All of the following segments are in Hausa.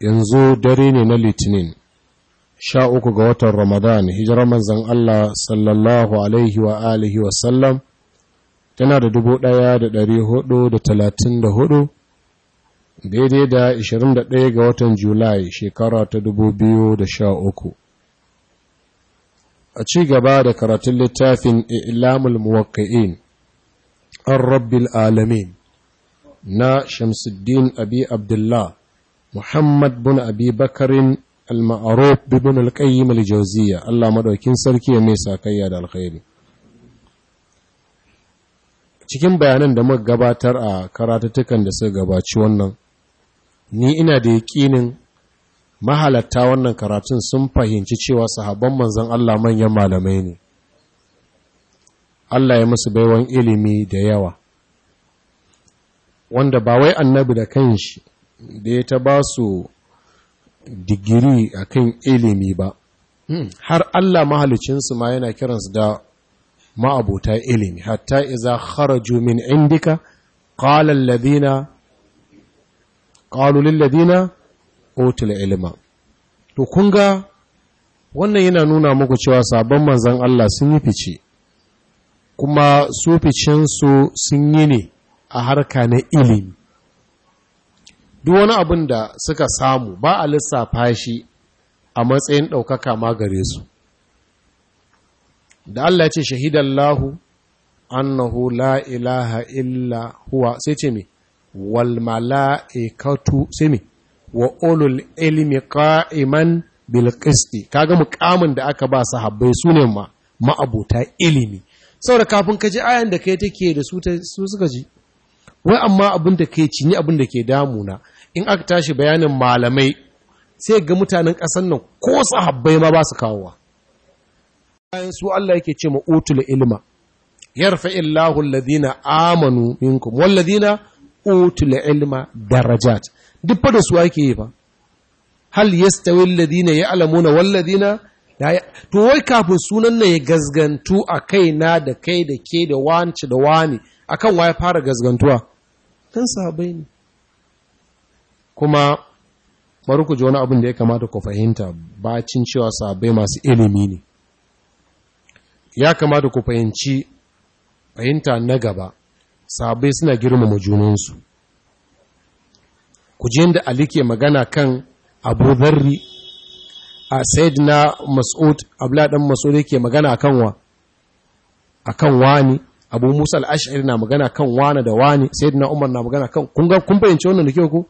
yanzu dare ne na litinin sha uku ga watan ramadan hijirar manzan Allah sallallahu alaihi wa alihi wasallam tana da dubu ɗaya da dari hudu da talatin da hudu daidai da ishirin da ɗaya ga watan julai shekara ta dubu biyu da sha uku a ci gaba da karatun littafin ilamul muwakka'in an rabbil alamin na shamsuddin abi abdullah Muhammad bin Abi Bakarin al-Ma'ruf bin al-Qayyim al-Jawziyya Allah madaukin sarki ya mai sakayya da alkhairi cikin bayanan da muka gabatar a karatutukan da suka gabaci wannan ni ina da yakinin mahalatta wannan karatun sun fahimci cewa sahabban manzon Allah manyan malamai ne Allah ya musu baiwan ilimi da yawa wanda ba wai annabi da kanshi da ya ta ba su digiri a kan ilimi ba hmm. har Allah mahalicinsu ma yana kiransu da ma'abota ilimi hatta iza kharaju min indika qala alladhina qalu lil ladina utul ilma to kun ga wannan yana nuna muku cewa sabon manzon Allah sun yi fice kuma su su sun yi ne a harka na ilimi duk wani abin da suka samu ba a lissafa shi a matsayin ɗaukaka ma gare su da Allah ya ce shahidallahu annahu la ilaha illa huwa sai ce me wal mala'ikatu sai me wa ulul ilmi qa'iman bil qisti kaga mukamin da aka ba sahabbai sune ma ma'abota ilimi saboda kafin ka ji ayan da kai take da su suka ji wai amma abin da kai cinye abin da ke damuna in aka tashi bayanin malamai sai ga mutanen ƙasar nan ko sahabbai ma ba su kawowa bayan su Allah yake ce ma'utul ilma yarfa illahu alladhina amanu minkum walladhina utul ilma darajat duk fa da su ake yi ba hal yastawi alladhina ya'lamuna walladhina to wai kafin sunan ne ya gazgantu a kai na da kai da ke da wance da wani akan waye fara gazgantuwa kan sahabbai ne kuma bari ku ji wani abin da ya kamata ku fahimta bacin cewa sabai masu ilimi ne ya kamata ku fahimci fahimta na gaba sabai suna girmama junansu ku ji yadda ali ke magana kan abu zarri a na mas'ud abla mas'ud yake magana kan wa kan wani abu musa al na magana kan wani da wani na umar na magana kan kun fahimci wannan da ke ku?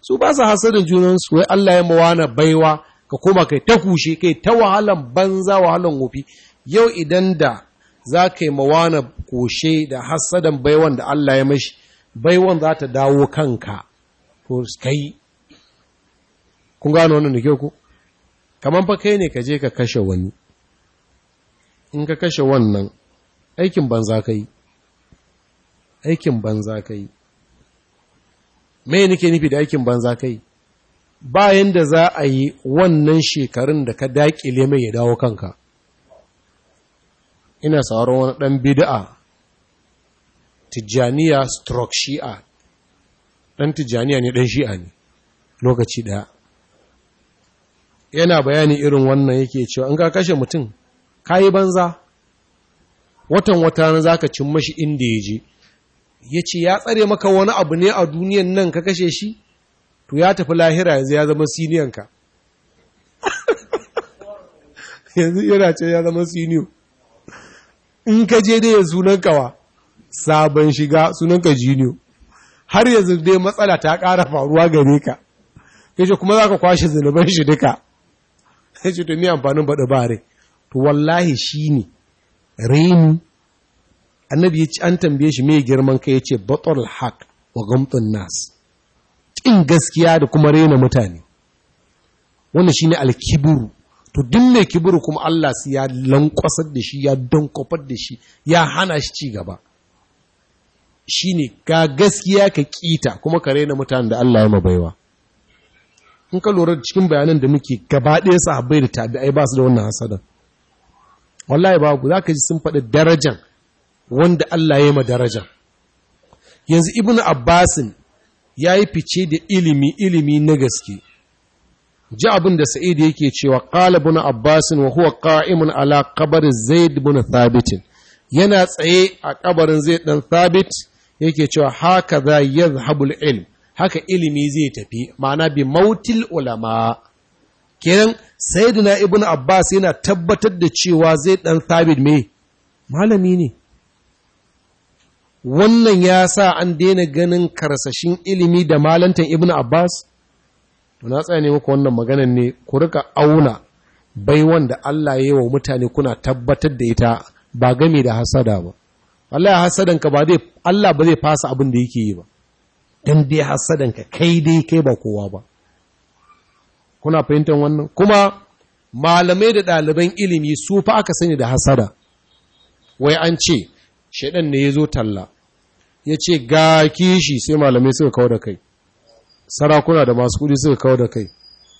su ba su hasadin junansu wai Allah ya mawana baiwa ka koma kai ta kushe kai ta wahalan banza wahalan wofi yau idan da za ka yi mawana kushe da hasadan baiwan da Allah ya mashi baiwan za ta dawo kanka ko kai kun gano wannan da kyau ko kamar fa kai ne ka je ka kashe wani in ka kashe wannan aikin banza ka yi aikin banza ka yi me nake nufi da aikin banza kai bayan da za a yi wannan shekarun da ka daƙile mai ya dawo kanka ina sauran wani ɗan bida'a tijjaniya stroke shi'a ɗan tijjaniya ne ɗan shi'a ne lokaci ɗaya yana bayani irin wannan yake cewa in ka kashe mutum ka yi banza watan wata za ka cin mashi inda ya je ya ce ya tsare maka wani abu ne a duniyan nan ka kashe shi to ya tafi lahira yanzu ya zama siniyanka yanzu yana ce ya zama siniyo in ka je dai ya sunan kawa sabon shiga sunan ka jiniyo har yanzu dai matsala ta ƙara faruwa gare ka Ya ce kuma za ka kwashe zunuban shi duka Ya ce to ni amfanin baɗi ba rai to wallahi shi ne raini annabi ya ci an tambaye shi mai girman kai ya ce batul haq wa gamtun nas ƙin gaskiya da kuma rena mutane wannan shine alkiburu to duk mai kiburu kuma Allah su ya lankwasar da shi ya donkofar da shi ya hana shi ci gaba shine ga gaskiya ka kita kuma ka rena mutane da Allah ya mabaiwa in ka lura da cikin bayanan da muke gaba ɗaya sahabbai da tabi'ai ba su da wannan hasadan wallahi babu za ka ji sun faɗi darajan wanda Allah ya ma daraja yanzu ibn abbasin ya yi fice da ilimi ilimi na gaske ji abin da sa'id yake cewa qala ibn abbasin wa huwa qa'imun ala qabr zaid ibn Thabitin, yana tsaye a kabarin zaid ɗan thabit yake cewa haka za yadhhabu zahabul ilm haka ilimi zai tafi ma'ana bi mautil ulama kenan sayyidina ibn abbas yana tabbatar da cewa zai ɗan thabit me malami ne wannan ya sa an daina ganin karsashin ilimi da malantan ibn abbas to na tsaya ne muku wannan maganan ne ku rika auna baiwan da Allah ya yi wa mutane kuna tabbatar da ita ba game da hasada ba Allah ya hasadanka ba zai Allah ba zai fasa abin da yake yi ba don dai hasadanka kai dai kai ba kowa ba kuna fahimtar wannan kuma malamai da ɗaliban ilimi su fa aka sani da hasada wai an ce shaidan ne ya zo talla ya ce ga kishi sai malamai suka kawo da kai sarakuna da masu kudi suka kawo da kai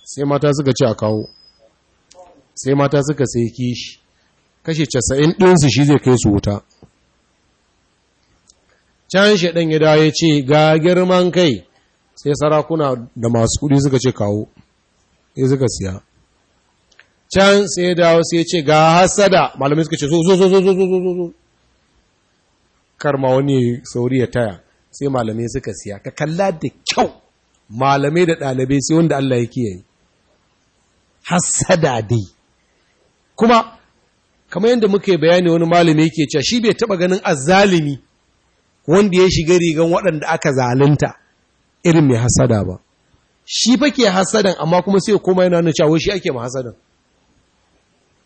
sai mata suka ce a kawo sai mata suka sai kishi kashe casa'in ɗinsu shi zai kai su wuta can shaɗan ya dawo ya ce ga girman kai sai sarakuna da masu kudi suka ce kawo ya suka siya can sai ya dawo sai ya ce ga hasada malamai suka ce so so so so so so kar ma wani sauri ya taya sai malamai suka siya ka kalla da kyau malamai da ɗalibai sai wanda Allah ya kiyaye hassada dai kuma kamar yadda muka yi bayani wani malami yake cewa shi bai taba ganin azzalimi wanda ya shiga rigan waɗanda aka zalunta irin mai hasada ba shi fa ke hasadan amma kuma sai koma yana nuna cewa shi ake ma hasadan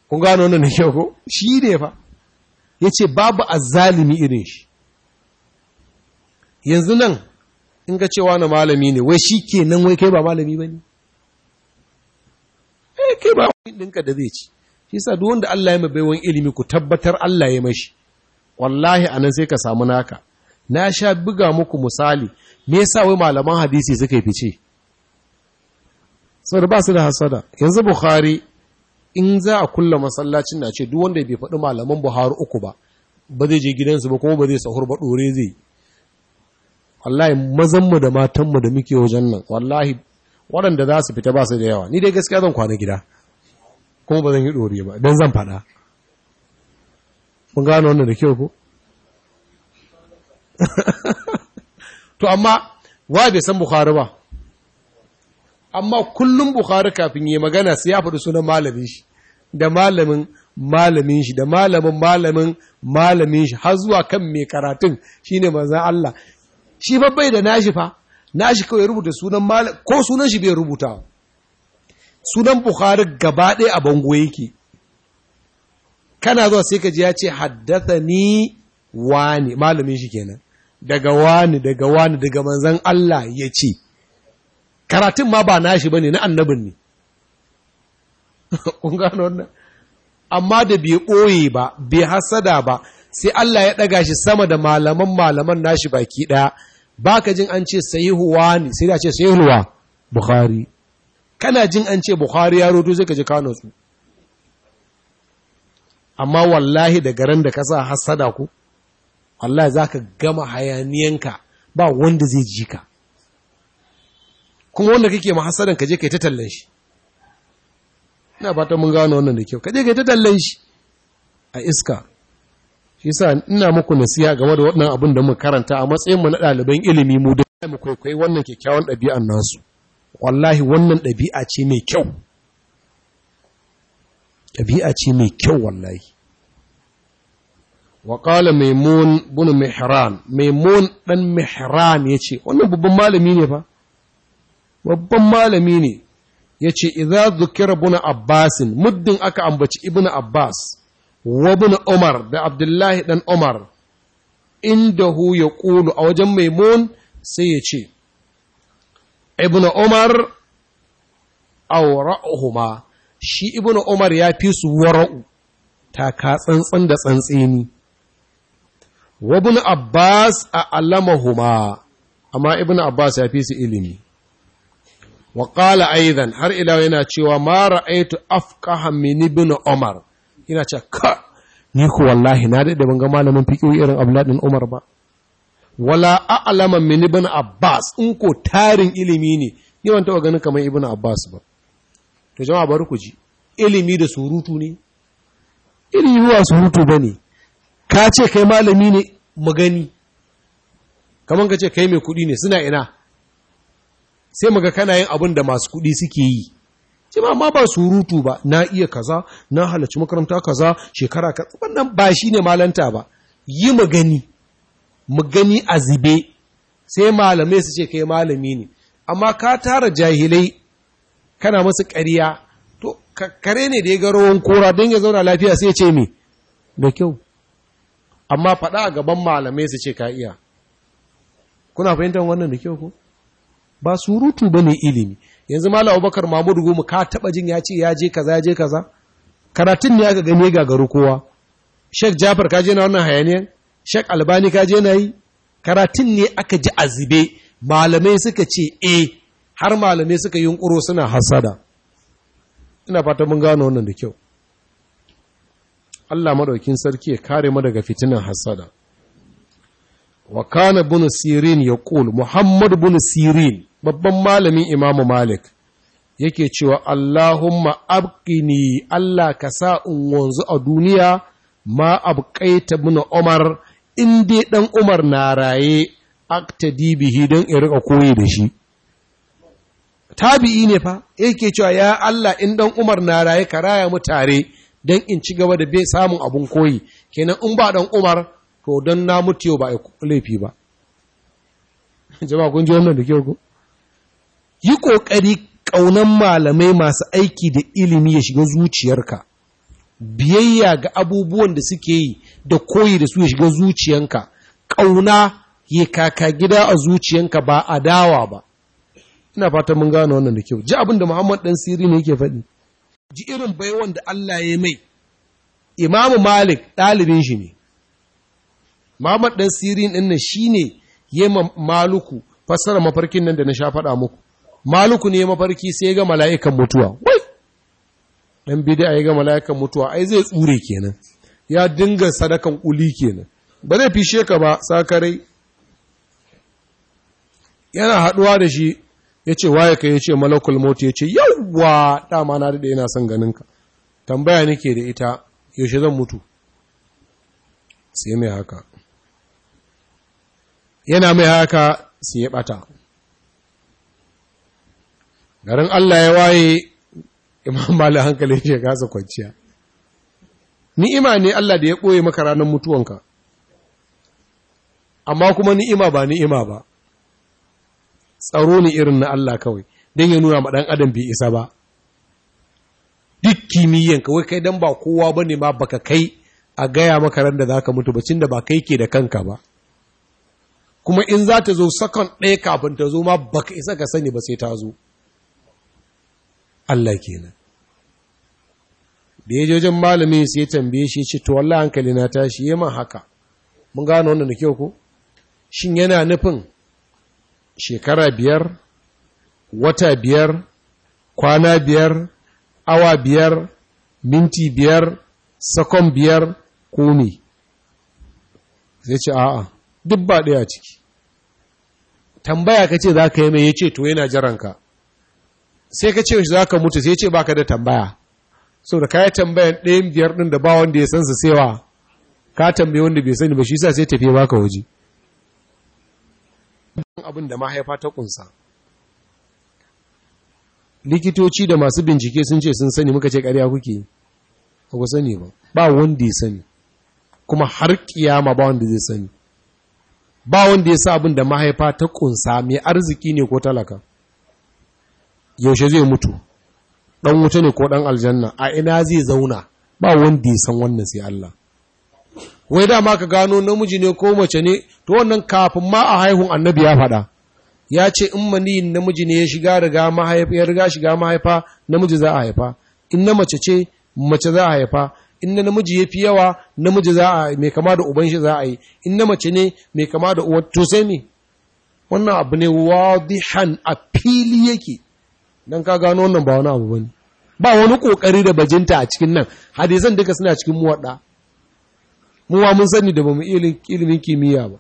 kun gano wannan ne ko shi ne fa yace babu azzalimi irin shi yanzu nan in ga cewa na malami ne wai shi ke nan wai kai ba malami ba ne eh kai ba ɗinka da zai ci shi sa duk wanda Allah ya mai baiwan ilimi ku tabbatar Allah ya mashi wallahi a nan sai ka samu naka na sha buga muku misali me yasa wai malaman hadisi suka fice da ba su da hasada yanzu bukhari in za a kulla masallacin na ce duk wanda bai faɗi malaman buhari uku ba ba zai je gidansu ba kuma ba zai sahur ba ɗore zai wallahi mazanmu da matanmu da muke wajen nan wallahi waɗanda za su fita ba su da yawa ni dai gaskiya zan kwana gida kuma ba zan yi ɗori ba don zan faɗa kun gano wannan da kyau ko to amma wa bai san bukhari ba amma kullum bukhari kafin yi magana sai ya faɗi sunan malamin shi da malamin malamin shi da malamin malamin malamin shi har zuwa kan mai karatun shine manzon Allah shi babbai da nashi fa nashi kawai rubuta sunan malam ko sunan shi bai rubuta sunan bukhari gaba ɗaya a bango yake kana zuwa sai ka ji ya ce haddasa ni wani malamin shi kenan daga wani daga wani daga manzan Allah ya ce karatun ma ba nashi bane na annabin ne kun wannan amma da bai ɓoye ba bai hasada ba sai Allah ya ɗaga shi sama da malaman malaman nashi baki ɗaya ba ka jin an ce sahihuwa ne sai da ce sahihuwa Bukhari kana jin an ce Bukhari ya rodo zai ka ji kano su amma wallahi da garin da ka sa hassada ku wallahi za ka gama hayaniyanka ba wanda zai ji ka kuma wanda kake ma hassadan ka je ka yi ta tallan shi ina fatan mun gano wannan da kyau ka je ka yi ta tallan shi a iska yasa ina muku nasiha game da wannan abin da muka karanta a matsayin mu na ɗaliban ilimi mu da mu kwaikwayi wannan kyakkyawan ɗabi'an nasu wallahi wannan ɗabi'a ce mai kyau ɗabi'a ce mai kyau wallahi wa qala maimun bin mihran maimun dan mihran yace wannan babban malami ne fa babban malami ne yace idza dhukira ibn abbas muddin aka ambaci ibn abbas wabin Umar da Abdullahi ɗan Umar, inda hu ya ƙulu a wajen maimun sai ya ce, Ibn Umar aura'uhuma shi Ibn Umar ya fi su wara'u, taka tsantsan da tsantseni. Wabin Abbas a alamahuma, amma Ibn Abbas ya fi su ilimi. Waƙala aizan har ila yana cewa mara aitu afkaha min ibn Umar. Ina ce ka ni ku wallahi na daɗe ban ga malamin fiƙo irin abladin umar ba wala alaman min ibn abbas in ko tarin ilimi ne ni ban taɓa ganin kamar ibn abbas ba to jama'a bari ku ji ilimi da surutu ne ilimi ba surutu bane ka ce kai malami ne mu gani kamar ka ce kai mai kuɗi ne suna ina sai muga kana yin abin da masu kuɗi suke yi sai ma ma ba surutu ba na iya kaza na halarci makaranta kaza shekara ka wannan ba shine malanta ba yi magani magani a zube sai malamai su ce kai malami ne amma ka tara jahilai kana masu ƙarya to kare ne da ya ga rawan kora don ya zauna lafiya sai ce me da kyau amma faɗa a gaban malamai su ce ka iya kuna fahimtar wannan da kyau ko ba surutu ba ne ilimi yanzu mala abubakar mahmud gumu ka taba jin ya ce ya je kaza ya je kaza karatun ne aka gane garu kowa shek jafar ka je na wannan hayaniyan shek albani ka je na yi karatun ne aka ji azube malamai suka ce e har malamai suka yi yunkuro suna hasada ina fata mun gano wannan da kyau Allah madaukin sarki ya kare mu daga fitinan hasada wa kana bunu sirin yaqul muhammad bunu sirin babban malami imamu malik yake cewa Allahumma abqini Allah ka sa in wanzu a duniya ma ta muna Umar in dai dan Umar na raye ta dibihi don in rika koyi da shi tabi'i ne fa yake cewa ya Allah in dan Umar na raye ka raya mu tare don in ci gaba da bai samun abun koyi kenan in ba dan Umar to don na mutu ba laifi ba jama'a kun ji wannan da kyau ko yi ƙoƙari ƙaunan malamai masu aiki da ilimi ya shiga zuciyarka biyayya ga abubuwan da suke yi da koyi da su ya shiga zuciyanka ƙauna ya kaka gida a zuciyanka ba a dawa ba ina fatan mun gano wannan da kyau ji abin Muhammad dan Sirri ne yake faɗi ji irin baiwan da Allah ya mai Imam Malik ɗalibin shi ne Muhammad dan Sirri ɗin nan ne ya maluku fassara mafarkin nan da na sha faɗa muku maluku ne mafarki sai ga mala'ikan mutuwa wai dan a ya ga mala'ikan mutuwa ai zai tsure kenan ya dinga sadakan kuli kenan ba zai fishe ka ba sakarai yana haɗuwa da shi ya ce waye ka ya ce malakul mota ya ce yawwa dama na daɗe yana son ganinka tambaya nake da ita yaushe zan mutu sai mai haka yana mai haka sai ya ɓata garin Allah ya waye imam mali hankali ya kasa kwanciya ni'ima ne Allah da ya ɓoye maka ranar mutuwanka amma kuma ni'ima ba ni'ima ba tsaro ne irin na Allah kawai don ya nuna maɗan adam bai isa ba duk kimiyyan kawai kai don ba kowa ba ne ma baka kai a gaya maka ran da za ka mutu bacin da ba kai ke da kanka ba kuma in za ta zo sakon ɗaya kafin ta zo ma baka isa ka sani ba sai ta zo Allah kenan da ya wajen malamin sai ya tambaye shi ce to wallahi hankali na tashi min haka mun gano wannan da kyau ko shin yana nufin shekara biyar wata biyar kwana biyar awa biyar minti biyar sakon biyar ko ne zai ce a'a duk ba ɗaya ciki tambaya ka ce za ka yi mai ya ce to yana jaranka sai ka ce za ka mutu sai ce baka da tambaya sau da yi tambayan ɗayan biyar ɗin da ba wanda ya san su sewa ka tambaye wanda bai sani ba shi sa sai tafiye baka waje abin da mahaifa ta kunsa likitoci da masu bincike sun ce sun sani muka ce ƙarya kuke ba ku sani ba ba wanda ya sani kuma har kiyama ba wanda zai sani ba wanda ya sa abin da mahaifa ta kunsa mai arziki ne ko talaka yaushe zai mutu dan wuta ne ko dan aljanna a ina zai zauna ba wanda ya san wannan sai Allah wai dama ka gano namiji ne ko mace ne to wannan kafin ma a haihun annabi ya faɗa ya ce in mani namiji ne ya shiga riga mahaifa ya riga shiga mahaifa namiji za a haifa in na mace ce mace za a haifa in na namiji ya fi yawa namiji za a mai kama da uban shi za a yi in na mace ne mai kama da uwa to sai ne wannan abu ne wadihan a fili yake dan ka gano wannan ba wani abu bane ba wani kokari da bajinta a cikin nan hadisan duka suna cikin muwadda mu ba mun sani da bamu ilimin kimiyya ba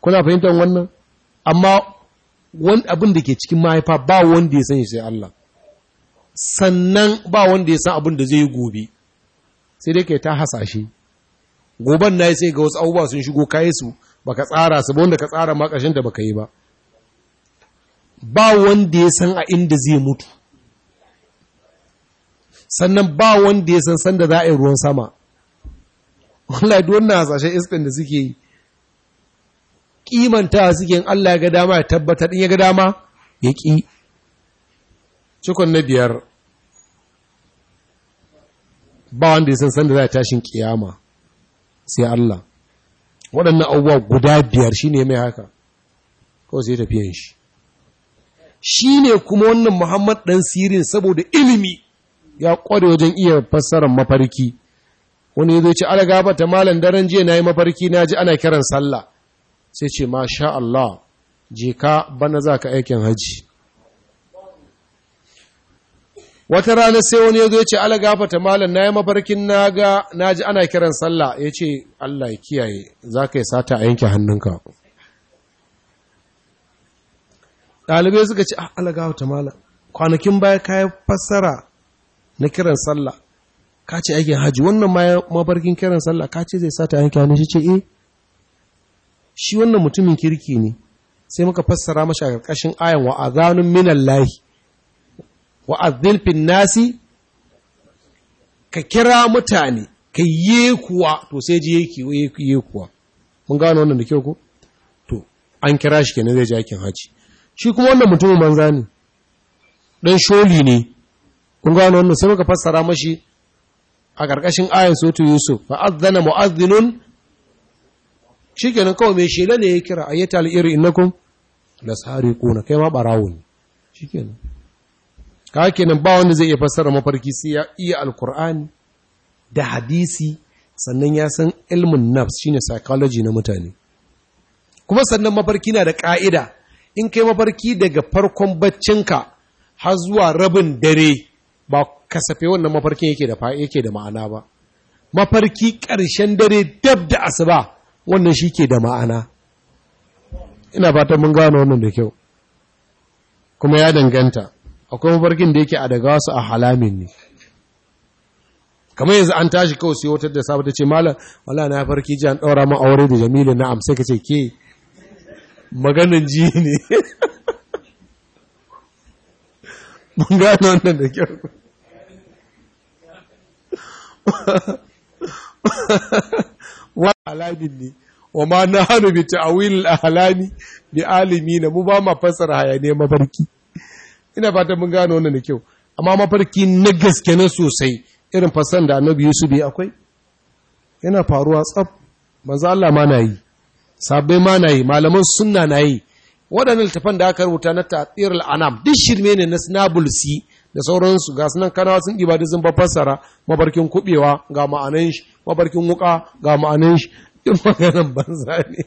kuna fahimtar wannan amma wani abin da ke cikin mahaifa ba wanda ya sani sai Allah sannan ba wanda ya san abin da zai yi gobe sai dai kai ta hasashe goban na sai ga wasu abubuwa sun shigo kai su baka tsara su ba wanda ka tsara ma ƙarshen da baka yi ba ba wanda ya san a inda zai mutu sannan ba wanda ya san sanda za a yi ruwan sama wallahi duk wannan hasashen iskan da suke yi kimanta suke in Allah ya ga dama ya tabbatar in ya ga dama ya ƙi cikon na biyar ba wanda ya san sanda za a tashin kiyama sai Allah waɗannan abubuwa guda biyar shine mai haka kawai sai tafiyan shi shi ne kuma wannan Muhammad ɗan sirin saboda ilimi ya ƙware wajen iya fassarar mafarki. Wani ya zai ce, Ala gaba ta malam, daren jiya na yi mafarki na ji ana kiran sallah. Sai ce, Masha Allah, je ka bana za ka aikin haji. Wata rana sai wani ya zai ce, Ala gaba ta malam, na yi mafarkin na ga na ji ana kiran sallah. Ya ce, Allah ya kiyaye, za ka yi sata a yanke hannunka. ɗalibai suka ce ah alagawa ta mala kwanakin baya yi fassara na kiran sallah ka ce aikin haji wannan ma mabarkin kiran sallah ka ce zai sa ta yanke hannu shi ce eh shi wannan mutumin kirki ne sai muka fassara mashi a ƙarƙashin ayan wa azanun lahi. wa azzinfin nasi ka kira mutane ka yi kuwa to sai ji yi kuwa mun gano wannan da kyau ko to an kira shi kenan zai ji aikin hajji. shi kuma wannan mutumin banza ne dan sholi ne kun gano wannan sai muka fassara mashi a ƙarƙashin ayat sotu yusuf fa azana mu'azzinun shikenan kawai mai shela ne ya kira ayyata al'iri innakum lasariquna kai ma barawo ne shikenan ka kenan ba wanda zai iya fassara mafarki sai ya iya alqur'ani da hadisi sannan ya san ilmin nafs shine psychology na mutane kuma sannan mafarki na da ƙa'ida in kai mafarki daga farkon baccinka har zuwa rabin dare ba kasafe wannan mafarkin yake da yake da ma'ana ba mafarki ƙarshen dare dab da asuba wannan shi ke da ma'ana ina fatan mun gano wannan da kyau kuma ya danganta akwai mafarkin da yake a daga wasu a halamin ne kamar yanzu an tashi kawai sai wata da safe ta ce malam wala na farki ji an ɗaura mu aure da Jamilu na amsa kace ke maganin ji ne mun gano wannan da kyau wa alamin ne wa ma na hannu bi ta'awil ahlami bi alimi na mu ba ma fassara hayaniya mafarki ina fata mun gano wannan da kyau amma mafarki na gaske na sosai irin fasan da annabi Yusuf bi akwai yana faruwa tsaf manzo Allah na yi sabai ma na yi malaman sunna na yi waɗannan littafan da aka rubuta na tatsir al'anam duk shirme ne na sinabulsi da sauransu ga sunan kanawa sun ɗiba da ba fassara mabarkin kuɓewa ga ma'anan shi mabarkin wuka ga ma'anan shi duk maganan banza ne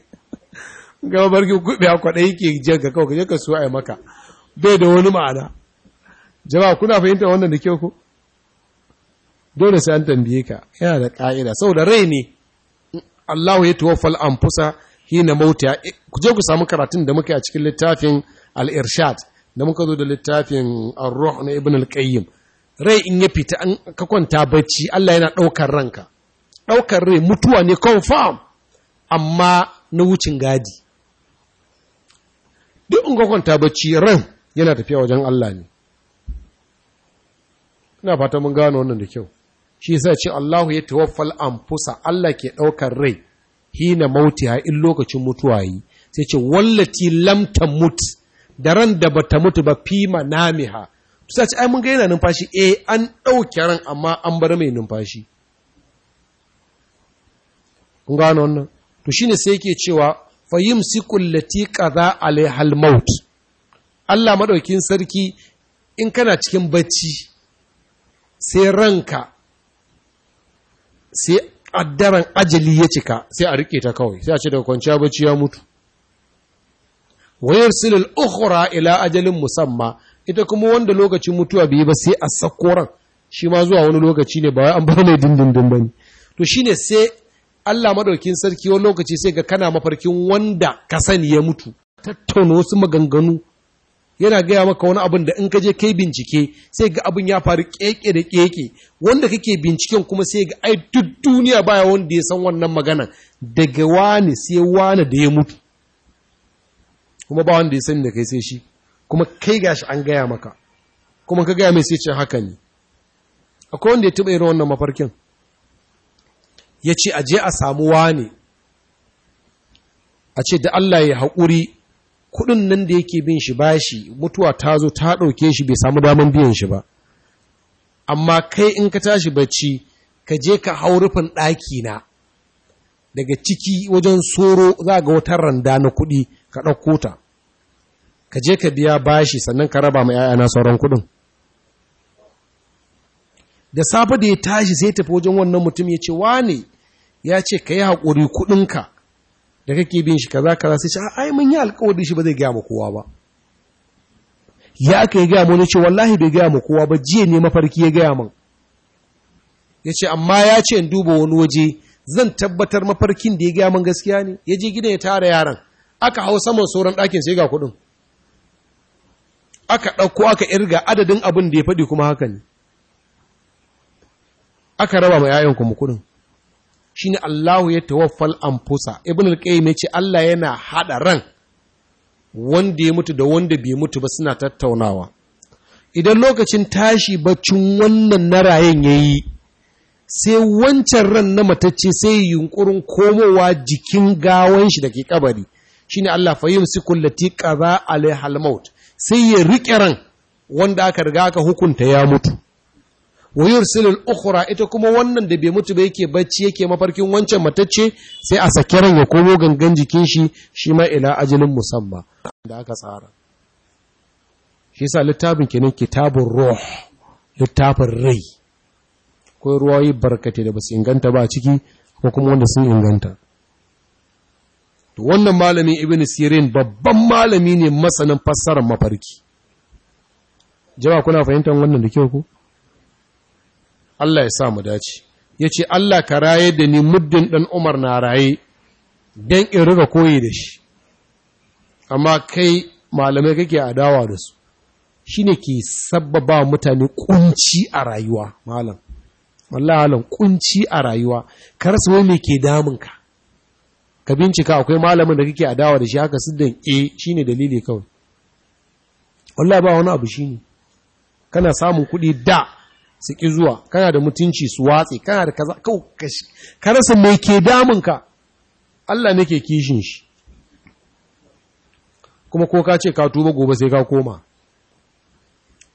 ga mabarkin kuɓewa kwaɗayi ke jan ka kawai ka ka so a maka bai da wani ma'ana jama'a kuna fahimtar wannan da kyau ko dole sai an tambaye ka yana da ƙa'ida saboda rai ne Allah ya fal'an fusa hina mauta ku je ku samu karatun da muke a cikin littafin al-irshad da muka zo da littafin ar-ruh na ibn al rai in ya fita an ka kwanta bacci Allah yana ɗaukar ranka ɗaukar rai mutuwa ne confirm amma na wucin gadi duk in ka kwanta bacci ran yana tafiya wajen Allah ne ina fata mun gano wannan da kyau shi yasa ce Allahu ya tawaffal anfusa Allah ke ɗaukar rai hina mautiha in lokacin mutuwa yi sai ce wallati lam tamut da ran da bata mutu ba fi manamiha to sai ai mun ga yana numfashi eh an dauke ran amma an bar mai numfashi kun ga wannan to shine sai yake cewa fayimsiku allati qada alaihal maut Allah madaukin sarki in kana cikin bacci sai ranka sai ƙaddaran ajali ya cika sai a riƙe ta kawai sai a ce daga kwanciya bacci ya mutu wayar silil ukhra ila ajalin musamma ita kuma wanda lokacin mutuwa bai ba sai a sakoran ran shi ma zuwa wani lokaci ne ba an bar mai dindindin bane to shine sai Allah madaukin sarki wani lokaci sai ga kana mafarkin wanda ka sani ya mutu tattauna wasu maganganu yana gaya maka wani abin da in ka je kai bincike sai ga abin ya faru keke da keke wanda kake binciken kuma sai ga ai duk duniya baya wanda ya san wannan magana daga wani sai wani da ya mutu kuma ba wanda ya sani da kai sai shi kuma kai gashi an gaya maka kuma ka gaya mai sai ce haka ne akwai wanda ya taɓa irin wannan mafarkin ya ce aje a samu wani a ce da Allah ya haƙuri kuɗin nan da yake bin shi bashi mutuwa ta zo ta ɗauke shi bai samu daman biyan shi ba amma kai in ka tashi bacci ka je ka hau rufin ɗaki na daga ciki wajen soro za ga wata randa na kuɗi ka ɗauko ta ka je ka biya bashi sannan ka raba ma 'ya'yana sauran kuɗin da safe da ya tashi sai tafi wajen wannan mutum ya ce wane ya ce ka yi haƙuri kuɗinka da kake bin shi kaza kaza sai a ai mun yi alƙawarin shi ba zai gaya mu kowa ba ya aka yi gaya mu ce wallahi bai gaya ma kowa ba jiya ne mafarki ya gaya min ya ce amma ya ce in duba wani waje zan tabbatar mafarkin da ya gaya min gaskiya ne ya je gidan ya tara yaran aka hau saman sauran ɗakin sai ga kuɗin aka ɗauko aka irga adadin abin da ya faɗi kuma haka ne aka raba ma 'ya'yan kuma kuɗin shine Allahu ya tawaffal anfusa ibn al-qayyim ya ce Allah yana haɗa ran wanda ya mutu da wanda bai mutu ba suna tattaunawa idan lokacin tashi baccin wannan na rayen yayi sai wancan ran na matacce sai yunkurin komowa jikin gawan shi da ke kabari shine Allah fa yumsiku lati qaza alaiha maut sai ya rike ran wanda aka riga aka hukunta ya mutu wa yursilul ukhra ita kuma wannan da bai mutu ba yake bacci yake mafarkin wancan matacce sai a sake ran ya komo gangan jikin shi shi ma ila ajalin musamma da aka tsara shi yasa littafin kenan kitabun ruh littafin rai ko ruwayi barkate da basu inganta ba ciki ko kuma wanda sun inganta to wannan malami ibnu sirin babban malami ne masanin fassarar mafarki jama'a kuna fahimtar wannan da kyau ko Allah ya sa mu dace ya ce Allah ka raye da ni muddin ɗan Umar na raye don in riga koyi da shi amma kai malamai kake dawa da su shi ne ke sabbaba mutane kunci a rayuwa malam wallah halin kunci a rayuwa kar su wai ke damunka ka Ka bincika akwai malamin da kake adawa da shi haka siddan e shi ne dalili kawai wallah ba wani abu shi ne kana samun kuɗi da su ki zuwa kana da mutunci su watse kana da kaza ka rasa mai ke damunka Allah ne ke kishin shi kuma ko ka ce ka tuba gobe sai ka koma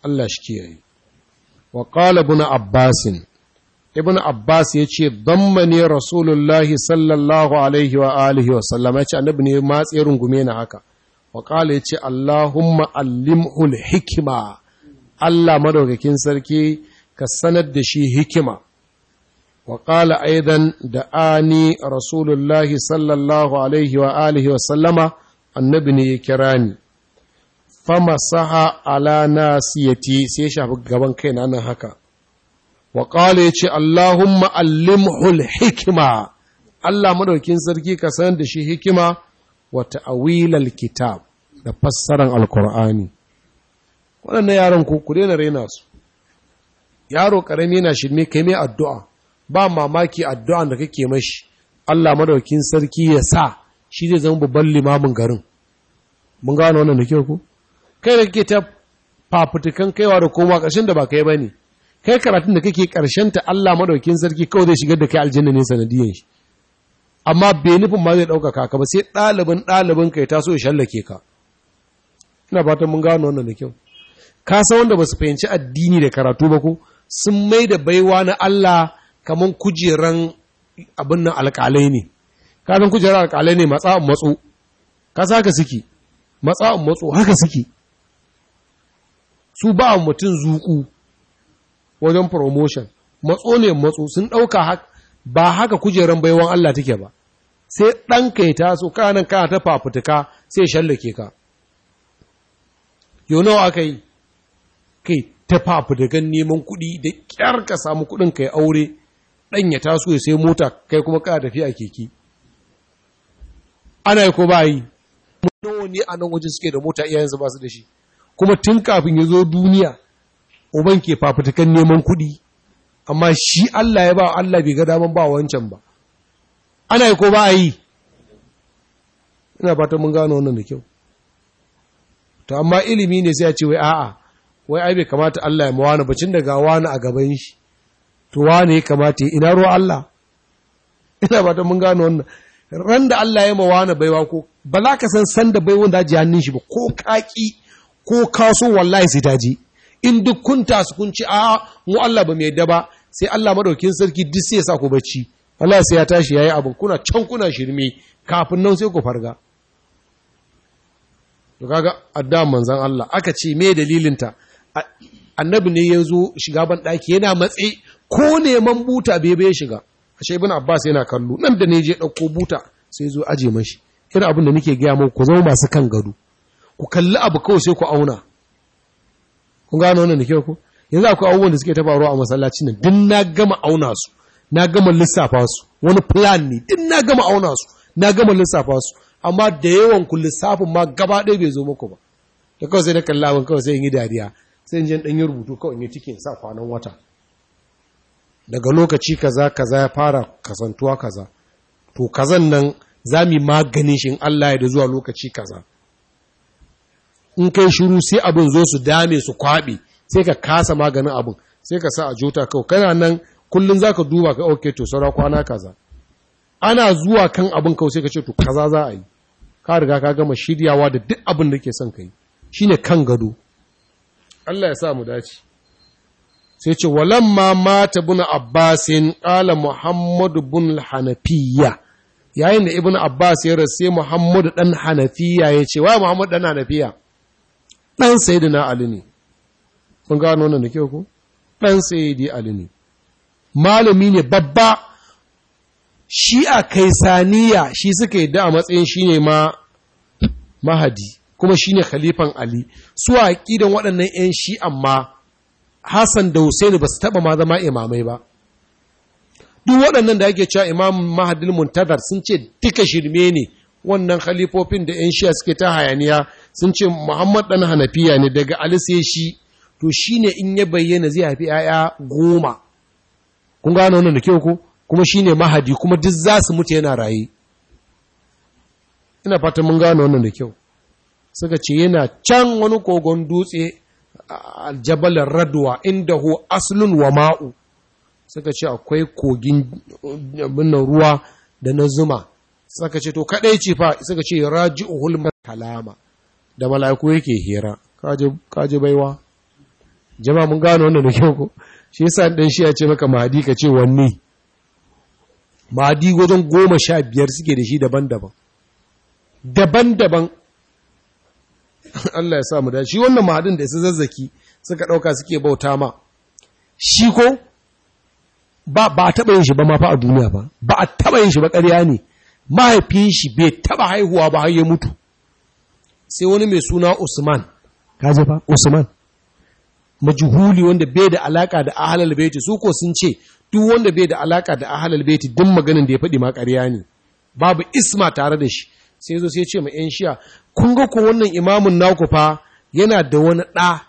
Allah shi kiyaye wa qala ibn abbas ibn abbas yace dammani rasulullahi sallallahu alaihi wa alihi wa sallama yace annabi ne matsayin rungume na haka wa qala yace allahumma allimhu alhikma Allah madaukakin sarki ka sanar da shi hikima waƙala qala aidan da ani rasulullahi sallallahu alaihi wa alihi wa sallama annabi ne ya kira ni fama saha ala nasiyati sai ya shafi gaban kaina na haka wa qala yace allahumma allimhu hikima Allah madaukin sarki ka sanar da shi hikima wa ta'awilal kitab da fassaran alqur'ani waɗannan yaran ku ku daina raina su yaro karami yana shirme kai mai addu'a ba mamaki addu'a da kake mashi Allah madaukin sarki ya sa shi zai zama babban limamin garin mun gano wannan da kyau ko kai da kake ta fafutukan kaiwa da koma ƙarshen da ba kai ne? kai karatun da kake ƙarshen ta Allah madaukin sarki kawai zai shigar da kai aljanna ne sanadiyan shi amma bai nufin ma zai ɗaukaka ka ba sai ɗalibin ɗalibin kai taso ya shallake ka ina fatan mun gano wannan da kyau ka san wanda ba su fahimci addini da karatu ba ko sun mai da baiwa na Allah kamar kujeran abin nan alƙalai ne kasan kujeran alƙalai ne matsa'an matso kasa haka suke matsa'an matso haka suke su ba a mutum zuku wajen promotion matso ne matso sun ɗauka ba haka kujeran baiwan Allah take ba sai ɗanka ya taso kanan kana ta fafutuka sai shallake ka yau nawa aka yi kai ta gan neman kuɗi da ƙyar ka samu kuɗin ka yi aure ɗan ya taso ya sai mota kai kuma ka tafiya a keke ana yi ko ba yi nawa ne a nan wajen suke da mota iyayensu ba su da shi kuma tun kafin ya zo duniya uban ke fafutukan neman kuɗi amma shi Allah ya ba Allah bai ga daman ba wancan ba ana yi ko ba yi ina fatan mun gano wannan da kyau to amma ilimi ne sai a ce wai a'a wai ai bai kamata Allah ya mawana bacin daga wani a gaban shi to wani ya kamata ina ruwa Allah ina ba ta mun gano wannan ran da Allah ya mawana baiwa ko ba za ka san san da baiwan da ji hannun shi ba ko kaki ko kaso wallahi sai ta ji in duk kun su kun ci a mu Allah ba mai ba sai Allah madaukin sarki duk sai ya sa ku bacci Allah sai ya tashi yayi abin kuna can kuna shirme kafin nan sai ku farga to kaga addan manzon Allah aka ce me dalilinta annabi ne ya shiga ban ɗaki yana matse ko neman buta bai bai shiga ashe ibn abbas yana kallo nan da ne je ɗauko buta sai zo aje mashi Kira abin da nake gaya muku ku zama masu kan gado ku kalli abu kawai sai ku auna kun gano wannan da ke ku yanzu akwai abubuwan da suke ta faruwa a masallacin nan din na gama auna su na gama lissafa su wani plan ne din na gama auna su na gama lissafa su amma da yawan ku lissafin ma gaba ɗaya bai zo muku ba da kawai sai na kalla abin kawai sai in yi dariya sai jin ɗanyi rubutu kawai ne cikin sa kwanan wata daga lokaci kaza kaza ya fara kasantuwa kaza to kazan nan za mu maganin shi in Allah ya da zuwa lokaci kaza in kai shiru sai abin zo su dame su kwaɓe sai ka kasa maganin abin sai ka sa a jota kawai kana nan kullum za ka duba ka okay to saura kwana kaza ana zuwa kan abin kawai sai ka ce to kaza za a yi ka riga ka gama shiryawa da duk abin da ke son ka yi shine kan gado Allah ya sa mu dace sai ce walamma mata bin abbasin ƙala muhammadu bin hanafiya yayin da ibn abbas ya rasu muhammadu ɗan hanafiya ya ce wa muhammadu ɗan hanafiya ɗan na ali ne kun gano wannan da kyau ku ɗan sayidi ali ne malami ne babba shi a kaisaniya shi suka yi da a matsayin shi ne ma mahadi kuma shi ne khalifan ali su a ƙidan waɗannan yan shi amma Hassan da Hussein ba su taɓa ma zama imamai ba duk waɗannan da ake cewa imam mahadin Muntadar sun ce duka shirme ne wannan khalifofin da yan shiya suke ta hayaniya sun ce Muhammad dan Hanafiya ne daga Ali sai shi to ne in ya bayyana zai haifi 'ya'ya goma kun gano wannan da kyau ko kuma shi ne mahadi kuma duk za su mutu yana raye ina fata mun gano wannan da kyau suka ce yana can wani kogon dutse Aljabalar Raduwa, inda hu aslun wa ma'u suka ce akwai kogin abinnan ruwa da na zuma suka ce to kadai ce fa suka ce hulmar kalama da mala'iku yake hira kaje baiwa Jama mun gano wannan da kyau ko shi yasa dan shi ya ce maka mahadi ka ce wanne mahadi wajen goma sha biyar suke da shi daban-daban daban-daban Allah ya sa mu da shi wannan mahadin da su zazzaki suka ɗauka suke bauta ma shi ko ba a taɓa yin shi ba ma fa a duniya ba ba a taɓa yin shi ba ƙarya ne mahaifin shi bai taɓa haihuwa ba har ya mutu sai wani mai suna Usman ka fa Usman majhuli wanda bai da alaka da ahlal baiti su ko sun ce duk wanda bai da alaka da ahlal baiti duk maganin da ya faɗi ma ƙarya ne babu isma tare da shi sai zo sai ce ma yan shiya kun ga ku wannan imamun naku fa yana da wani ɗa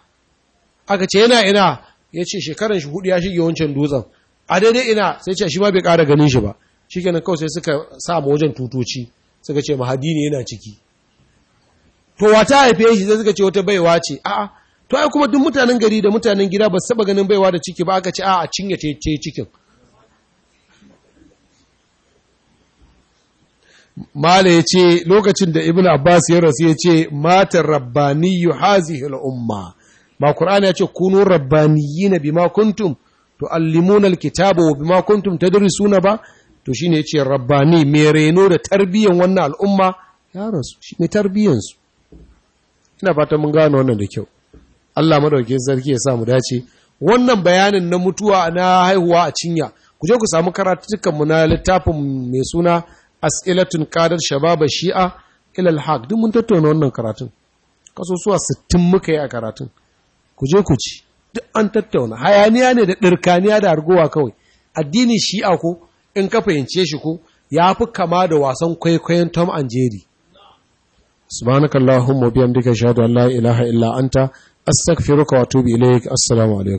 aka ce yana ina ya ce shekaran shi hudu ya shige wancan dutsen a daidai ina sai ce shi ma bai ƙara ganin shi ba shi kenan kawai sai suka sa ma wajen tutoci suka ce mahadi ne yana ciki to ta haife shi sai suka ce wata baiwa ce a'a to ai kuma duk mutanen gari da mutanen gida ba su taba ganin baiwa da ciki ba aka ce a'a cinye ce cikin mala ya ce lokacin da ibn abbas ya rasu ya ce matar rabbaniyu hazihi al'umma ba qur'ani ya ce kunu rabbaniyina bima kuntum tuallimuna alkitaba wa bima kuntum tadrisuna ba to shine ne ce rabbani mai reno da tarbiyyan wannan al'umma ya rasu shine tarbiyyan su ina fata mun gano wannan da kyau Allah madaukakin sarki ya sa mu dace wannan bayanin na mutuwa na haihuwa a cinya ku je ku samu karatukan mu na littafin mai suna as'ilatun kadar shababa shi'a ila haq duk mun tattauna wannan karatun kasusuwa 60 muka yi a karatun ku je ku ci duk an tattauna hayaniya ne da ɗirkaniya da argowa kawai addinin shi'a ko in ka fahimce shi ko yafi kama da wasan kwaikwayon tom and jerry subhanakallahumma biyamdika shahadu an la ilaha illa anta astaghfiruka wa atubu ilaik assalamu alaikum